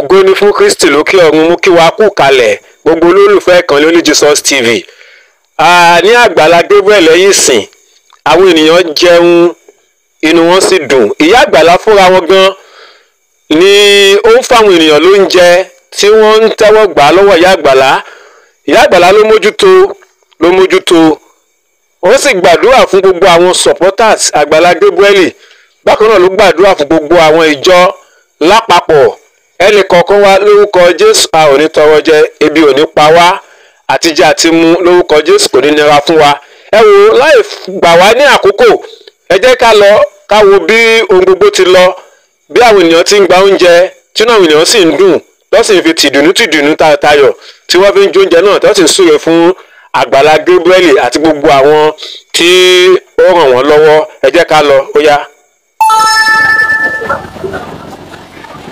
ògo ni fún kristi lókè ọ̀run mú kí wàá kú kalẹ̀ gbogbo olólùfẹ́ ìkànnì oníjìsọ́s tv ní àgbàlá gabriel lẹ́yìn sìn àwọn ènìyàn jẹun inú wọn sì dùn ìyá àgbàlá fúnra wọn gan ni ó ń fáwọn ènìyàn lóúnjẹ tí wọ́n ń tẹ́wọ́ gbà lọ́wọ́ ìyá àgbàlá ìyá àgbàlá ló mójútó ló mójútó ó sì gbàdúrà fún gbogbo àwọn supporters àgbàlá gabriel bákan náà ló gbàdúrà fún gbogbo àwọn ìjọ lápapọ̀ ẹnì kọ̀ọ̀kan wa lórúkọ jésù a ò ní tọrọ jẹ ebi ò ní pa wá àtijẹ àti mu lórúkọ jésù kò ní nira fún wa ẹ wò láì gbà wá ní àkókò ẹ jẹ́ ká lọ ká wo bí ohun gbogbo ti lọ bí àwọn ènìyàn ti ń gba oúnjẹ tí náà àwọn ènìyàn sì ń dùn lọ́sìn fi tìdùnú tìdùnú tayọ̀tayọ̀ tí wọ́n fi ń jóúnjẹ náà tó sì ń súre fún àgbàlá Gabriel àti gbogbo àwọn tí ó ràn wọ́n lọ́wọ́ ẹ jẹ́ ká lọ ó yá.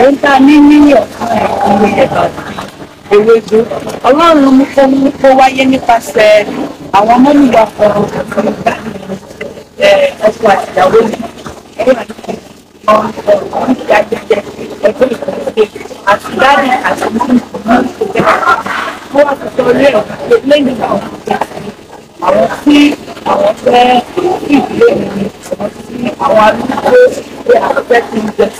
ohun tá a ní níyì ọ̀tún ẹ̀kọ́ ní ẹ̀bàdàn ewédú ọlọ́run mú kó mú kó wáyé nípasẹ̀ àwọn mọ́nìyàn kan ìgbà ọkọ àtìyàwó ní àtìdáàdì àti mọ́nìyàn tó wà tó rí ẹ̀ lẹ́yìn àwọn àwọn tí àwọn fẹ́ ìdílé mi àwọn tí àwọn arúgbó tí àwọn fẹ́ ti ń jẹ sí.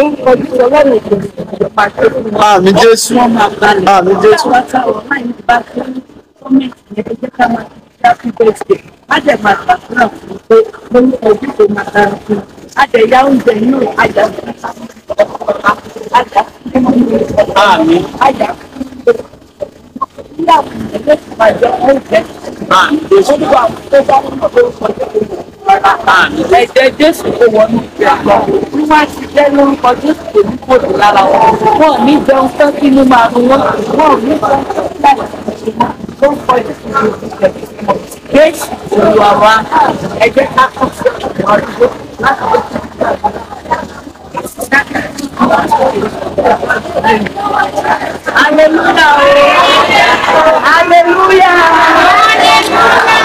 tó jésù wọn jésù wọn jésù Já não pode ser ní kó dùn lára wọn wọn ní jẹun tán kí inú máa rún wọn wọn ní jẹun tán láì Aleluia! Aleluia! Aleluia!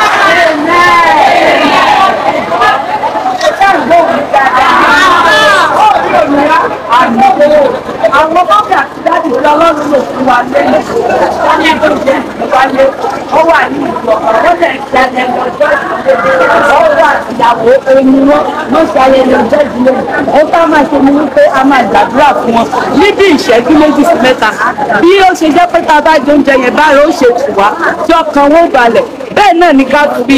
ìdílé àwọn bọ́ọ̀kì àti dáàdì ìlú ló fún wa lẹ́yìn wọn ní ẹgbẹ́ ìjẹ́ ìwáyé ó wà ìlú ọ̀rọ̀ wọ́n tẹ̀ ṣe àtẹ̀yìn ọjọ́ ìdílé ọwọ́ àtìyàwó ẹni wọn ló ṣe ayẹyẹ ọjọ́ ìdílé ó bá máa ṣe ni wípé a máa gbàdúrà fún wọn níbi ìṣẹ́jú méjì sí mẹ́ta bí ó ṣe jẹ́ pé tá a bá jẹ oúnjẹ yẹn báyìí ó ṣe tù wá tí ọkàn wọn balẹ̀ bẹ́ẹ̀ náà ni ká fi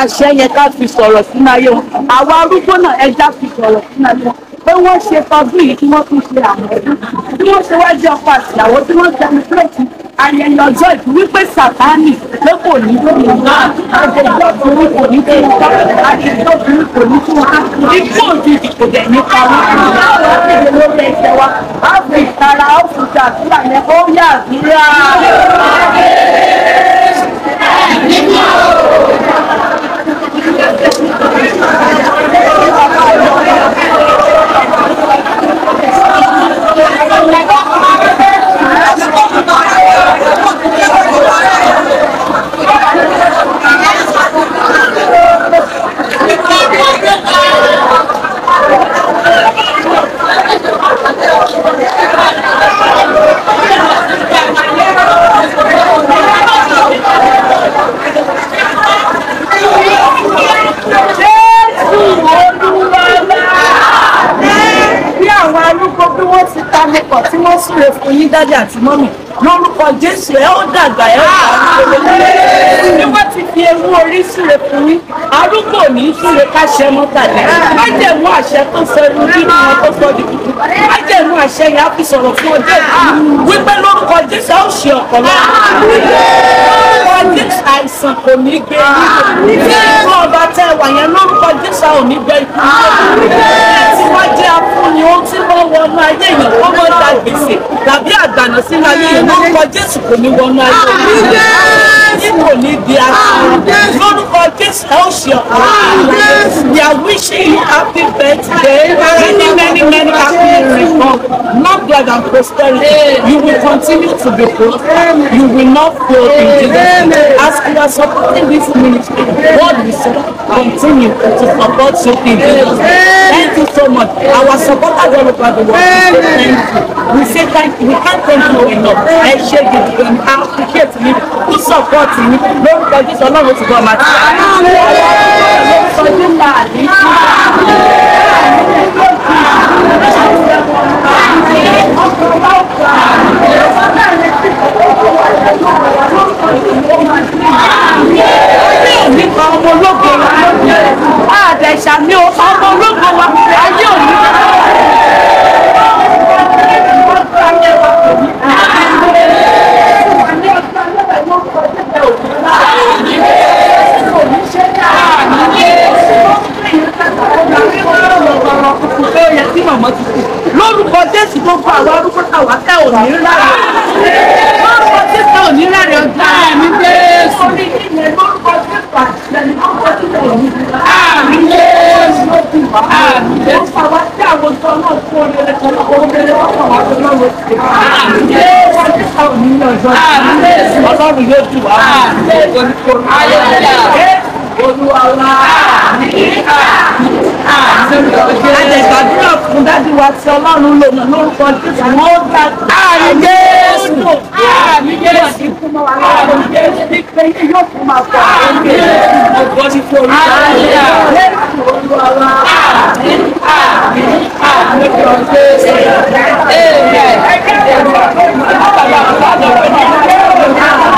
àṣẹ yẹn ká fi sọ̀rọ̀ sínú ayé wọn àwa arúgbó náà ẹja fi sọ̀rọ̀ sínú ayé wọn pé wọ́n ṣe fọdún yìí kí wọ́n tún ṣe àmọ́dún bí wọ́n ṣe wá jẹ́ ọkọ àtìyàwó tí wọ́n dẹmíkírẹ́tì ayẹyẹ ọjọ́ ìbí wípé sàtáàmì ló kò ní tó ní wá àdéjọ́ obìnrin kò ní tó ní wá àdéjọ́ obìnrin kò ní tó wá ikú òjijì kò ní pa wá báwo á kéde lórí ẹsẹ̀ wa á fi ìtara ó fi ṣàtúrà yẹn ó yà àdúrà. àdúrà orúkọ tí wọ́n súre fún yín dádì àti mọ́mì lórúkọ jésù ẹ ó dàgbà ẹ ó dàgbà ní wọ́n ti fi ewu orí súre fún yín arúgbó ní súre káṣẹ mọ́tàlẹ́ májẹ̀mú àṣẹ tó sọ ẹnu wọn tó sọ di tuntun májẹ̀mú àṣẹ yẹn á fi sọ̀rọ̀ fún ọjọ́ ìlú wípé lórúkọ jésù ẹ ó ṣe ọ̀pọ̀lọpọ̀ Jésù àìsàn kò ní gbé yín fún ọba tẹ wà yẹn lórúkọ Jésù àwọn ò ní gbé ikú yín tí wọ́n jẹ́ afúnni ohun tí wọ́n wọnú ayé yẹn wọ́n mọ̀ dá gbèsè tàbí àgbàna sínú ayé yẹn lórúkọ Jésù kò ní wọnú ayé yẹn kò ní di afúnni lórúkọ Jésù ẹ ó ṣe ọ̀pọ̀ àlàyé are wishing you happy birthday, many, many, many happy returns, Not blood and prosperity. You will continue to be prosperous. You will not fail in Jesus. As you are supporting this ministry, God will continue to support you in Jesus. Thank you so much. Our supporters all over the world, thank you. We say thank you. We can't thank you enough. Ẹ ṣe you. I appreciate you. who support me, lórúkọ Jésù Ọlọ́run ti gbọ́ màtí. Àwọn ọmọ ọlọ́run ló sọ nípa àdé ọmọ ológo wa ayé òní. pé yẹ kí màmá ti kú lórúkọ jésù tó fún àwa arúgbó táwa tẹ ò ní rárá lórúkọ jésù ò ní rárá ọjà ẹ̀mí jésù orí ìyẹn lórúkọ jésù àtìlẹyìn lórúkọ jésù ò ní rárá àmì jésù ló àmì jésù àwa tí àwọn sọ náà fún wá sí i àmì jésù àtìlẹyìn ò ní rárá àmì jésù ọlọ́run yóò wá àmì jésù olúwa wa àmì ká àjẹgbàdúrà ah, fún dádì wa tí ọlọ́run lò náà lórúkọ jésù wọn ó gbà àmì jésù àmì jésù àmì jésù yóò fún ma fọ àmì jésù ọgbọ́n ti fọ orí ara rẹ̀ jésù olúwa wa àmì àmì àmì jọ jésù èèyàn ẹgbẹ́ ìgbà tó ń bá bàbá àbúrò àjọpọ̀ náà.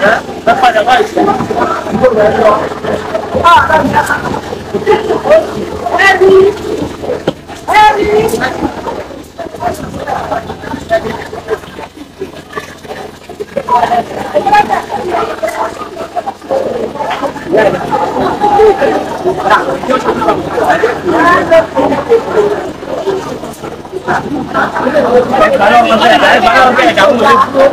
É? Vai falhar mais? Ah, tá Hãy subscribe cho kênh Ghiền Mì Gõ Để không bỏ lỡ những video hấp dẫn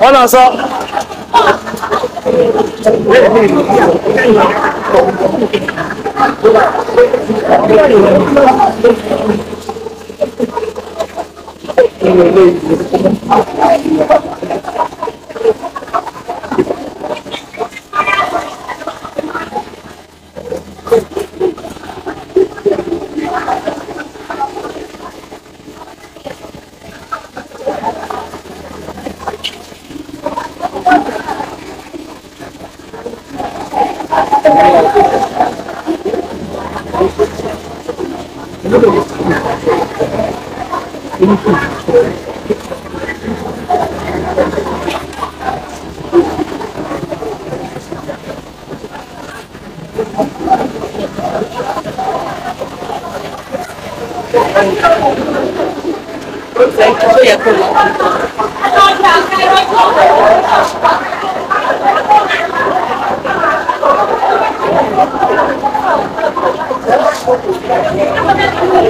wọ́n náà sọ. Thank you. 在后面。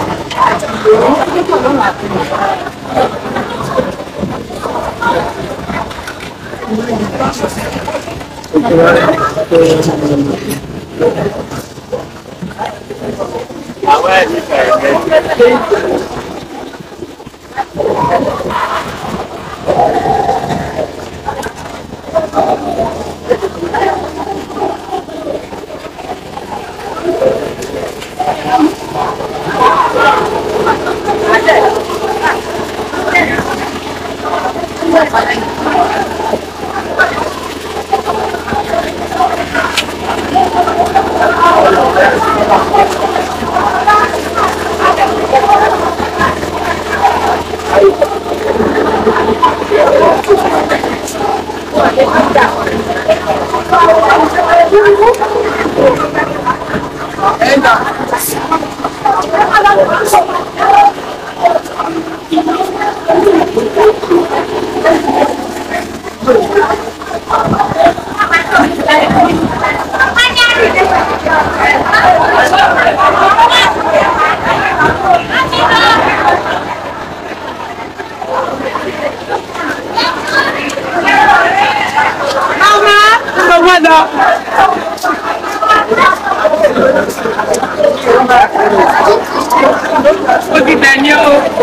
Agua de Venga.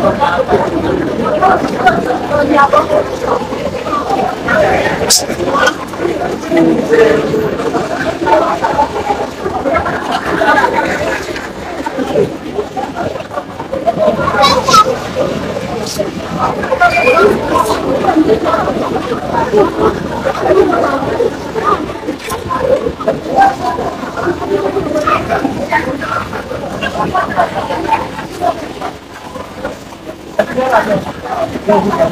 Thank you. Gracias.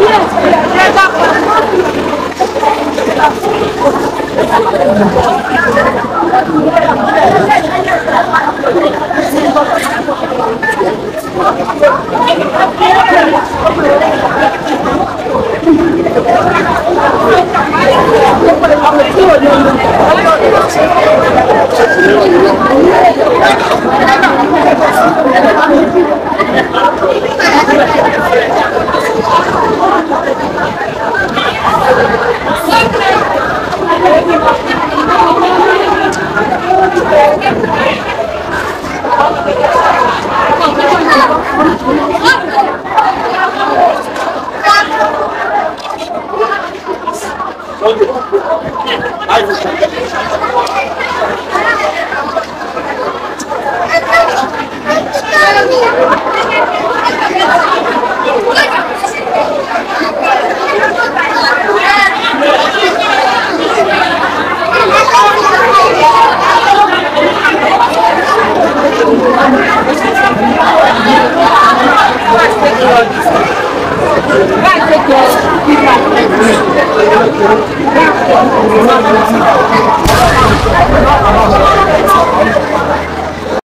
ẹ